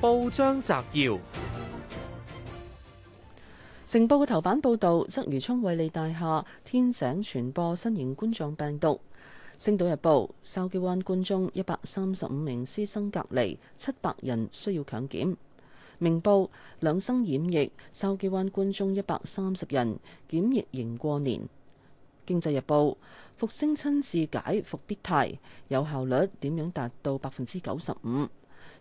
報章摘要：《成報》嘅頭版報道，鰂魚涌衛利大廈天井傳播新型冠狀病毒。《星島日報》：筲箕灣官中一百三十五名師生隔離，七百人需要強檢。《明報》：兩生染疫，筲箕灣官中一百三十人檢疫營過年。《經濟日報》：復星親自解復必泰，有效率點樣達到百分之九十五？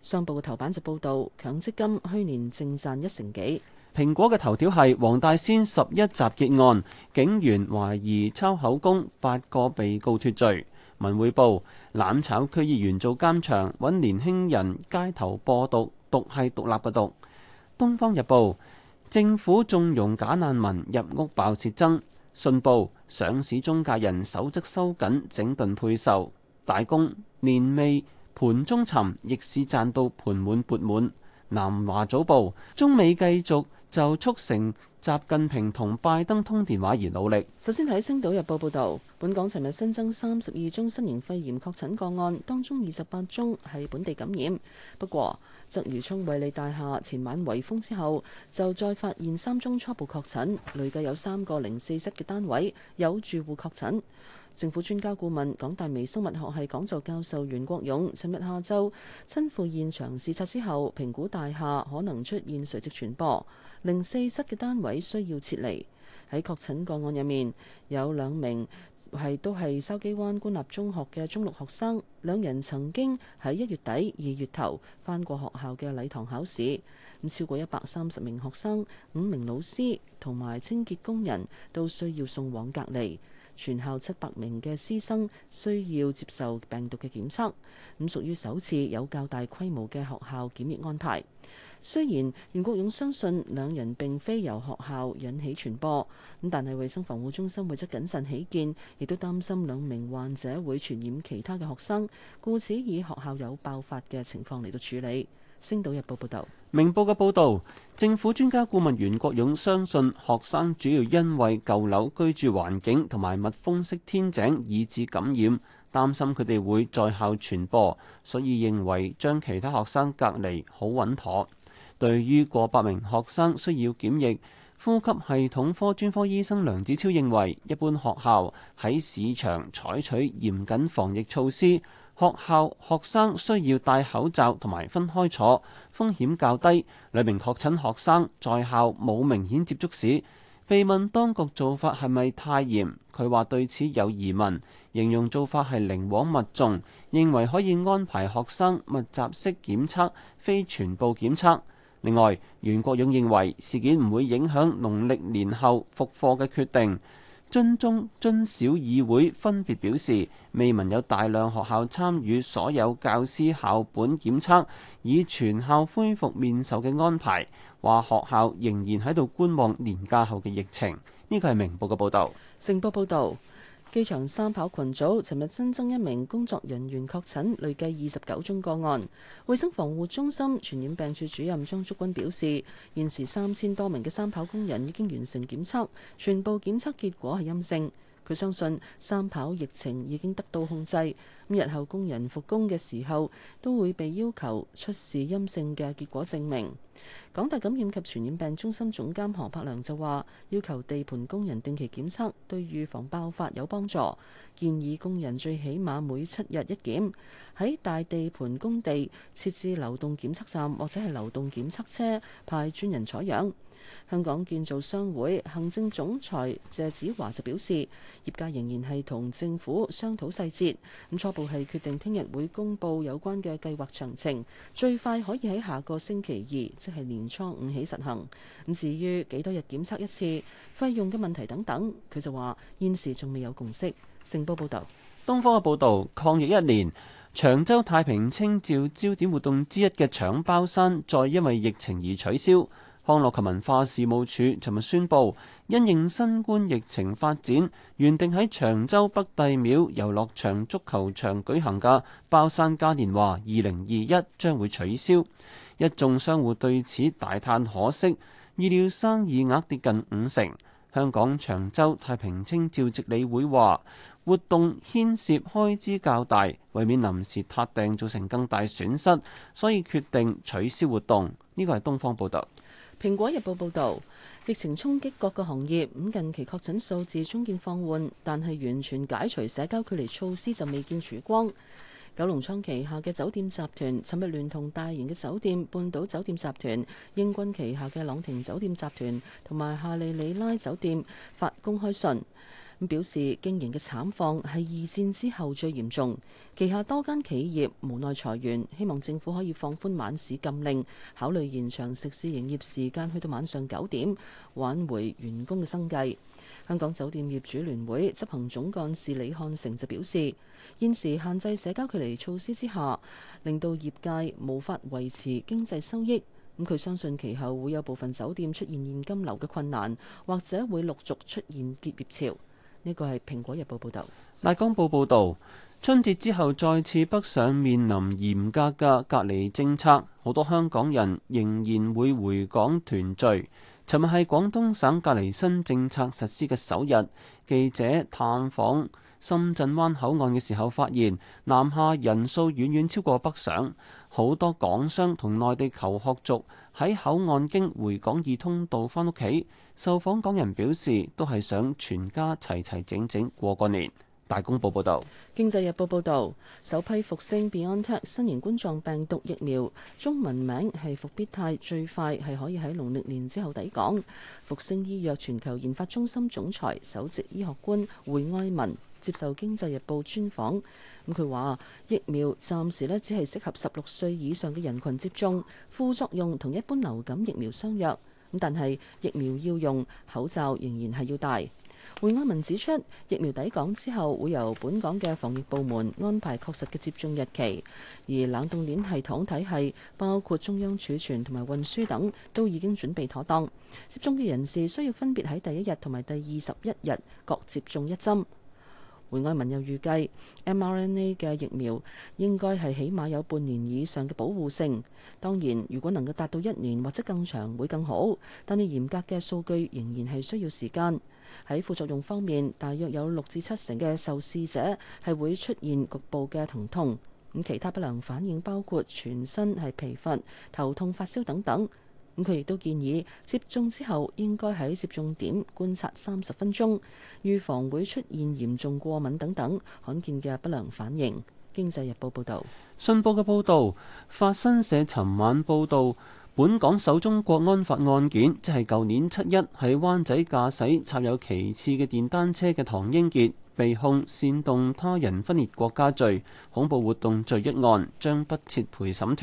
上報嘅頭版就報道強積金去年淨賺一成幾。蘋果嘅頭條係黃大仙十一集結案警員懷疑抄口供，八個被告脫罪。文匯報攬炒區議員做監場，揾年輕人街頭播毒，毒係獨立嘅毒。東方日報政府縱容假難民入屋爆竊爭。信報上市中介人守則收緊整頓配售。大公年尾。盤中尋，亦是賺到盤滿缽滿。南華早報，中美繼續就促成。習近平同拜登通電話而努力。首先睇《星島日報》報導，本港尋日新增三十二宗新型肺炎確診個案，當中二十八宗係本地感染。不過，鰂魚涌偉利大廈前晚圍封之後就再發現三宗初步確診，累計有三個零四室嘅單位有住戶確診。政府專家顧問、港大微生物學系講座教授袁國勇，昨日下晝親赴現場視察之後，評估大廈可能出現垂直傳播。零四室嘅單位需要撤離。喺確診個案入面，有兩名係都係筲箕灣官立中學嘅中六學生，兩人曾經喺一月底、二月頭返過學校嘅禮堂考試。咁超過一百三十名學生、五名老師同埋清潔工人都需要送往隔離。全校七百名嘅師生需要接受病毒嘅檢測，咁屬於首次有較大規模嘅學校檢疫安排。雖然袁國勇相信兩人並非由學校引起傳播，咁但係衛生防護中心為咗謹慎起見，亦都擔心兩名患者會傳染其他嘅學生，故此以學校有爆發嘅情況嚟到處理。星島日報報道，明報嘅報道，政府專家顧問袁國勇相信學生主要因為舊樓居住環境同埋密封式天井以致感染，擔心佢哋會在校傳播，所以認為將其他學生隔離好穩妥。對於過百名學生需要檢疫，呼吸系統科專科醫生梁子超認為，一般學校喺市場採取嚴謹防疫措施。學校學生需要戴口罩同埋分開坐，風險較低。兩名確診學生在校冇明顯接觸史。被問當局做法係咪太嚴，佢話對此有疑問，形容做法係寧枉勿縱，認為可以安排學生密集式檢測，非全部檢測。另外，袁國勇認為事件唔會影響農曆年後復課嘅決定。津中津小議會分別表示，未聞有大量學校參與所有教師校本檢測，以全校恢復面授嘅安排，話學校仍然喺度觀望年假後嘅疫情。呢個係明報嘅報道，成報報道。機場三跑群組尋日新增，增一名工作人員確診，累計二十九宗個案。衛生防護中心傳染病處主任張竹君表示，現時三千多名嘅三跑工人已經完成檢測，全部檢測結果係陰性。佢相信三跑疫情已經得到控制，咁日後工人復工嘅時候都會被要求出示陰性嘅結果證明。港大感染及傳染病中心總監何柏良就話要求地盤工人定期檢測對預防爆發有幫助。建議工人最起碼每七日一檢，喺大地盤工地設置流動檢測站或者係流動檢測車派專人採樣。香港建造商會行政總裁謝子華就表示，業界仍然係同政府商討細節，咁初步係決定聽日會公佈有關嘅計劃詳情，最快可以喺下個星期二，即係年初五起實行。咁至於幾多日檢測一次、費用嘅問題等等，佢就話現時仲未有共識。成報報道，東方嘅報道，抗疫一年，長洲太平清醮焦點活動之一嘅搶包山再因為疫情而取消。康樂及文化事務署尋日宣布，因應新冠疫情發展，原定喺長洲北帝廟遊樂場足球場舉行嘅包山嘉年華二零二一將會取消。一眾商戶對此大嘆可惜，預料生意額跌近五成。香港長洲太平清照直理清醮值理會話，活動牽涉開支較大，為免臨時撻訂造成更大損失，所以決定取消活動。呢個係東方報道。《蘋果日報》報導，疫情衝擊各個行業。咁近期確診數字逐漸放緩，但係完全解除社交距離措施就未見曙光。九龍倉旗下嘅酒店集團，尋日聯同大型嘅酒店、半島酒店集團、鷹君旗下嘅朗廷酒店集團同埋夏利里拉酒店發公開信。咁表示經營嘅慘況係二戰之後最嚴重，旗下多間企業無奈裁員，希望政府可以放寬晚市禁令，考慮延長食肆營業時間去到晚上九點，挽回員工嘅生計。香港酒店業主聯會執行總幹事李漢成就表示，現時限制社交距離措施之下，令到業界無法維持經濟收益。咁佢相信其後會有部分酒店出現現金流嘅困難，或者會陸續出現結業潮。呢個係《蘋果日報，報道》報導，《大江報》報道，春節之後再次北上，面臨嚴格嘅隔離政策，好多香港人仍然會回港團聚。尋日係廣東省隔離新政策實施嘅首日，記者探訪。深圳灣口岸嘅時候，發現南下人數遠遠超過北上，好多港商同內地求學族喺口岸經回港二通道翻屋企。受訪港人表示，都係想全家齊齊整整過個年。大公報報導，《經濟日報》報導，首批復星 BioNTech 新型冠狀病毒疫苗中文名係復必泰，最快係可以喺農曆年之後抵港。復星醫藥全球研發中心總裁、首席醫學官回愛民接受《經濟日報專訪》專訪，咁佢話：疫苗暫時咧只係適合十六歲以上嘅人群接種，副作用同一般流感疫苗相若，咁但係疫苗要用口罩仍然係要戴。會安文指出，疫苗抵港之後會由本港嘅防疫部門安排確實嘅接種日期。而冷凍鏈系統體系，包括中央儲存同埋運輸等，都已經準備妥當。接種嘅人士需要分別喺第一日同埋第二十一日各接種一針。會安文又預計 mRNA 嘅疫苗應該係起碼有半年以上嘅保護性。當然，如果能夠達到一年或者更長會更好，但係嚴格嘅數據仍然係需要時間。喺副作用方面，大約有六至七成嘅受試者係會出現局部嘅疼痛，痛，咁其他不良反應包括全身係疲乏、頭痛、發燒等等。咁佢亦都建議接種之後應該喺接種點觀察三十分鐘，預防會出現嚴重過敏等等罕見嘅不良反應。經濟日報報導，信報嘅報導，法新社尋晚報導。本港首宗國安法案件，即係舊年七一喺灣仔駕駛插有旗幟嘅電單車嘅唐英傑，被控煽動他人分裂國家罪、恐怖活動罪一案，將不設陪審團。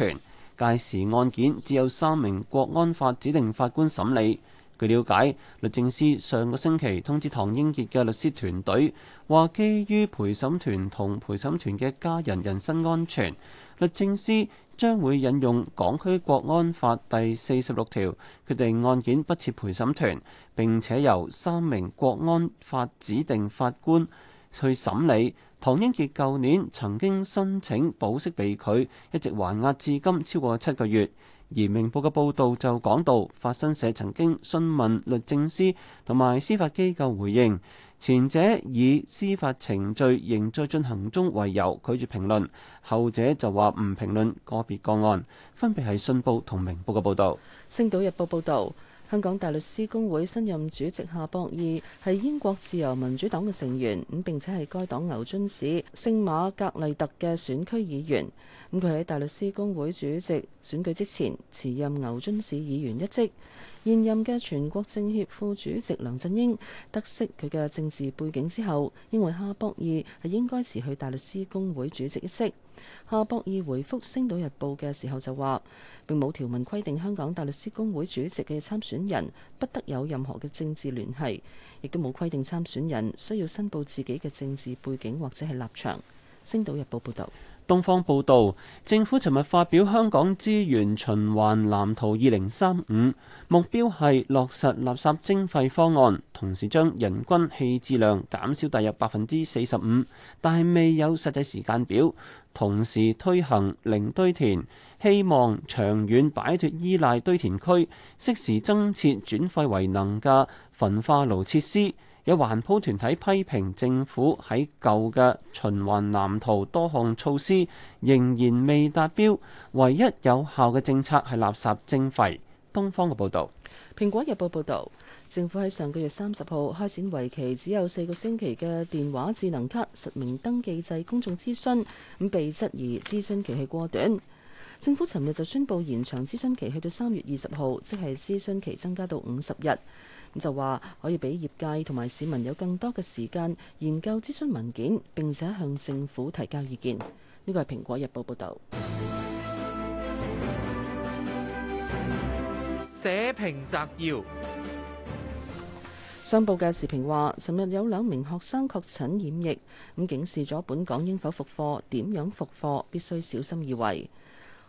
屆時案件只有三名國安法指定法官審理。據了解，律政司上個星期通知唐英傑嘅律師團隊，話基於陪審團同陪審團嘅家人人身安全，律政司將會引用港區國安法第四十六條，決定案件不設陪審團，並且由三名國安法指定法官去審理。唐英傑舊年曾經申請保釋被拒，一直還押至今超過七個月。而明報嘅報導就講到，法新社曾經詢問律政司同埋司法機構回應，前者以司法程序仍在進行中為由拒絕評論，後者就話唔評論個別個案，分別係信報同明報嘅報導。《星島日報》報導。香港大律師公會新任主席夏博義係英國自由民主黨嘅成員，咁並且係該黨牛津市聖馬格麗特嘅選區議員。咁佢喺大律師公會主席選舉之前辭任牛津市議員一職。現任嘅全國政協副主席梁振英得悉佢嘅政治背景之後，認為夏博義係應該辭去大律師公會主席一職。夏博義回覆《星島日報》嘅時候就話，並冇條文規定香港大律師公會主席嘅參選人不得有任何嘅政治聯繫，亦都冇規定參選人需要申報自己嘅政治背景或者係立場。《星島日報》報道。東方報道，政府尋日發表《香港資源循環藍圖二零三五》，目標係落實垃圾徵費方案，同時將人均棄置量減少大約百分之四十五，但係未有實際時間表。同時推行零堆填，希望長遠擺脫依賴堆填區，適時增設轉廢為能嘅焚化爐設施。有環保團體批評政府喺舊嘅循環藍圖多項措施仍然未達標，唯一有效嘅政策係垃圾徵費。東方嘅報導。《蘋果日報》報導，政府喺上個月三十號開展為期只有四個星期嘅電話智能卡實名登記制公眾諮詢，咁被質疑諮詢期係過短。政府尋日就宣布延長諮詢期去到三月二十號，即係諮詢期增加到五十日。咁就話可以俾業界同埋市民有更多嘅時間研究諮詢文件，並且向政府提交意見。呢個係《蘋果日報》報導。社評摘要：商報嘅時評話，尋日有兩名學生確診染疫，咁警示咗本港應否復課、點樣復課，必須小心而為。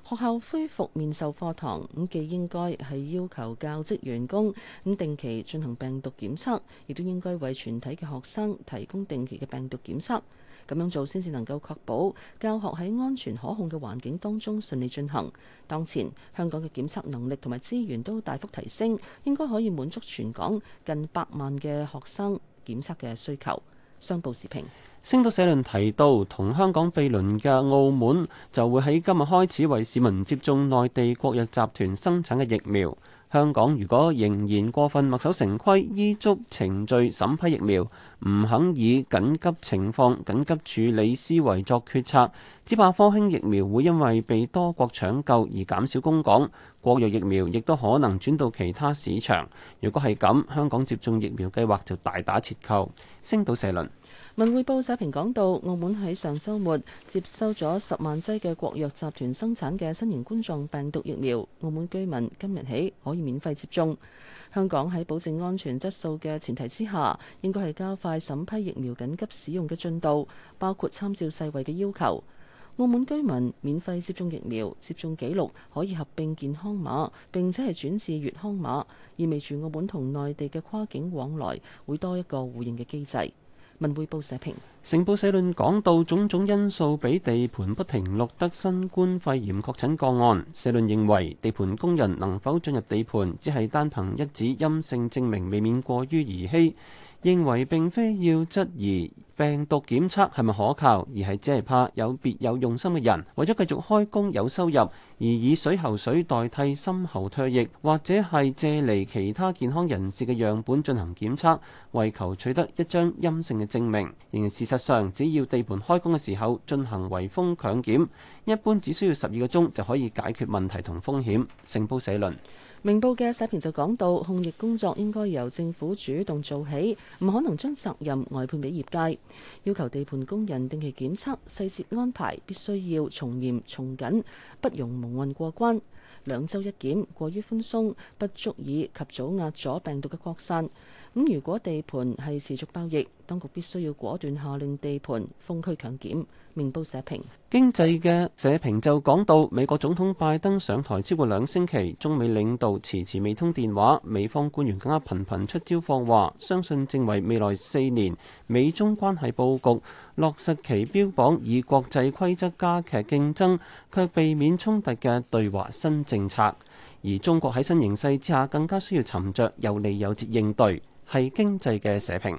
學校恢復面授課堂，咁既應該係要求教職員工咁定期進行病毒檢測，亦都應該為全體嘅學生提供定期嘅病毒檢測。咁樣做先至能夠確保教學喺安全可控嘅環境當中順利進行。當前香港嘅檢測能力同埋資源都大幅提升，應該可以滿足全港近百萬嘅學生檢測嘅需求。商報時評，星島社論提到，同香港毗鄰嘅澳門就會喺今日開始為市民接種內地國藥集團生產嘅疫苗。香港如果仍然過分墨守成規，依足程序審批疫苗，唔肯以緊急情況緊急處理思維作決策，只怕科興疫苗會因為被多國搶救而減少供港，國藥疫苗亦都可能轉到其他市場，如果係咁，香港接種疫苗計劃就大打折扣，星島社論。文匯報社評講到，澳門喺上周末接收咗十萬劑嘅國藥集團生產嘅新型冠狀病毒疫苗，澳門居民今日起可以免費接種。香港喺保證安全質素嘅前提之下，應該係加快審批疫苗緊急使用嘅進度，包括參照世衛嘅要求。澳門居民免費接種疫苗，接種記錄可以合併健康碼，並且係轉至粵康碼，意味住澳門同內地嘅跨境往來會多一個互認嘅機制。文匯報社評，成報社論講到種種因素，俾地盤不停錄得新冠肺炎確診個案。社論認為，地盤工人能否進入地盤，只係單憑一紙陰性證明，未免過於兒戲。認為並非要質疑病毒檢測係咪可靠，而係只係怕有別有用心嘅人，為咗繼續開工有收入。而以水喉水代替深喉唾液，或者係借嚟其他健康人士嘅樣本進行檢測，為求取得一張陰性嘅證明。仍然事實上，只要地盤開工嘅時候進行圍封強檢。一般只需要十二個鐘就可以解決問題同風險，成報社論。明報嘅社評就講到，控疫工作應該由政府主動做起，唔可能將責任外判俾業界。要求地盤工人定期檢測，細節安排必須要從嚴從緊，不容蒙混過關。兩週一檢過於寬鬆，不足以及早壓阻病毒嘅擴散。咁如果地盤係持續爆疫，當局必須要果斷下令地盤封區強檢，明報社評。經濟嘅社評就講到美國總統拜登上台超過兩星期，中美領導遲遲未通電話，美方官員更加頻頻出招放話，相信正為未來四年美中關係佈局，落實其標榜以國際規則加劇競爭，卻避免衝突嘅對華新政策。而中國喺新形勢之下，更加需要沉着、有理有節應對。係經濟嘅社評。